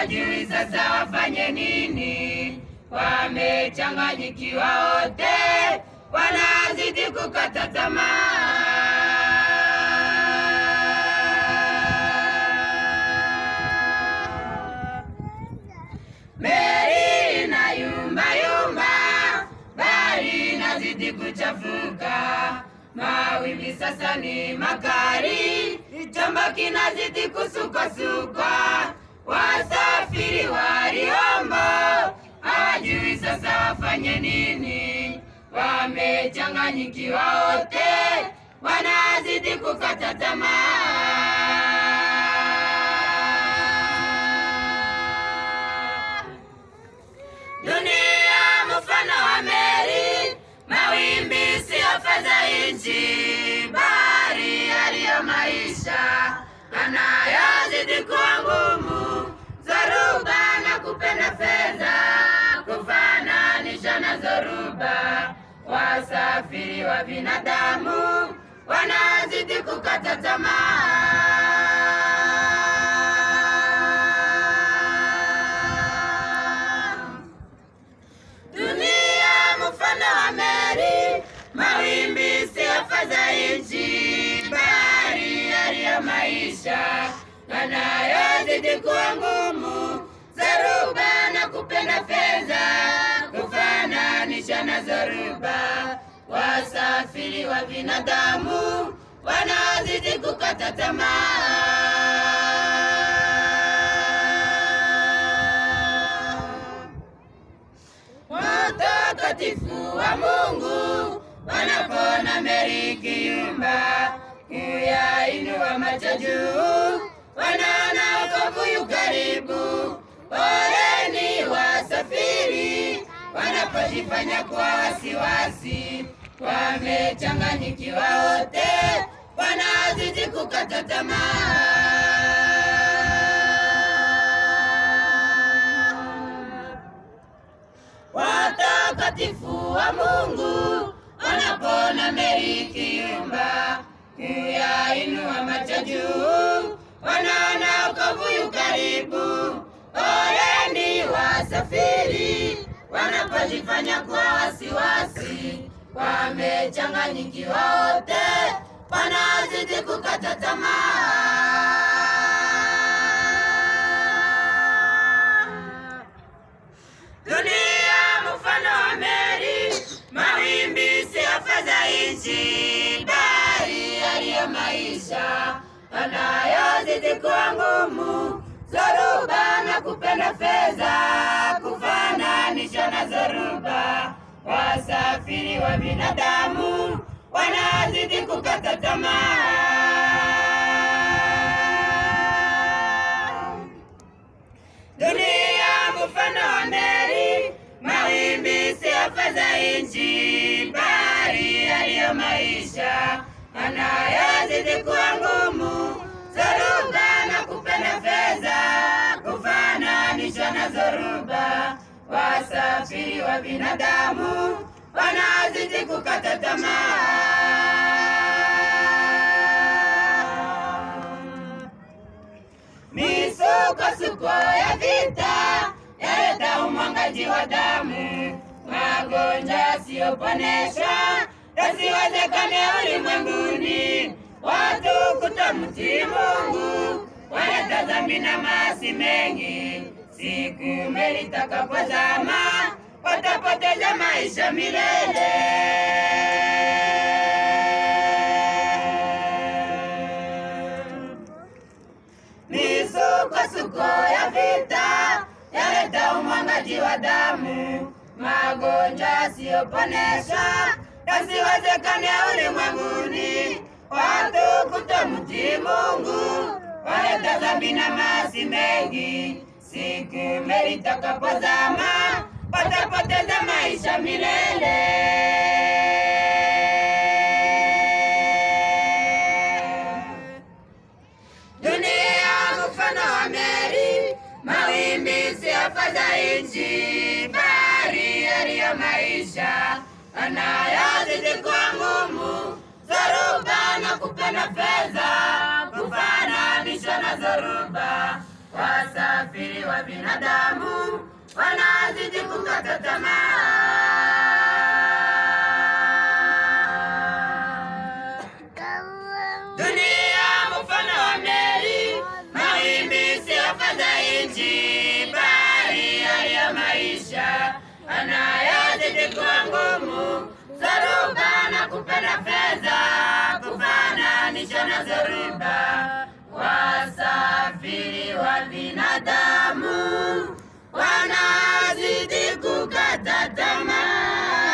hawajui sasa wafanye nini, wamechanganyikiwa wote, wanazidi kukata tamaa. Meli na yumba yumba, kuchafuka. Mawimbi sasa ni makali, chombo kinazidi kusukwa wasafiri waliomo, hawajui sasa afanye nini, wamechanganyikiwa wote, wanazidi kukata tamaa. Dunia mfano wa meli, mawimbi siyofaza nchi, bari aliyo maisha anayazidi kuwa ukafiri wa binadamu, wanazidi kukata tamaa. Dunia mfano wa meli, mawimbi siafaza nchi, bahari hali ya maisha yanayozidi kuwa ngumu, zaruba na kupenda fedha, kufananisha na zaruba usafiri wa binadamu, wanazidi kukata tamaa. Watakatifu wa Mungu wanapona meri kiyumba, kuyainua macho juu, wanaona wokovu yu karibu. Poleni wasafiri wanapojifanya kwa wasiwasi wamechanganyikiwa wote, wanazidi kukata tamaa. Watakatifu wa Mungu wanapona meli kiyumba, kuyainua macho juu, wanaona ukovu karibu. Ole ni wasafiri wanapojifanya kwa wasiwasi wamechanganyikiwa wote, wanazidi kukata tamaa. Dunia mfano wa meli, mawimbi sio fedha nchi, bali yaliyo maisha anayozidi kuwa ngumu. Zoruba na kupenda fedha, kufananisha na zoruba wasafiri wa binadamu wanazidi kukata tamaa. Dunia mfano wa meli, mawimbi sio fadha nchi, bali yaliyo maisha anayazidi usafiri wa binadamu wanazidi kukata tamaa. Misukosuko ya vita yaleta umwangaji wa damu, magonjwa yasiyoponesha yasiwezekane ulimwenguni, watu kutomtii Mungu waleta na maasi mengi siku meli itakapozama watapoteza maisha milele. Misukosuko ya vita yaleta umwangaji wa damu, magonjwa yasiyoponesha yasiwezekane ulimwenguni, watu kutomtii Mungu waleta dhambi na maasi mengi Siku meli itakapozama patapoteza maisha milele. Dunia mfano wa meli, mawimbi si afadha inji, bahari yaliyo maisha anayazidi kwangu wa binadamu wanazidi kukata tamaa. Dunia mfano wa meli, mawimbi sio fadha nchi, bali hali ya maisha kuwa ngumu, dhoruba na kupenda fedha kufananisha na dhoruba wasafiri wa binadamu wanazidi kukata tamaa.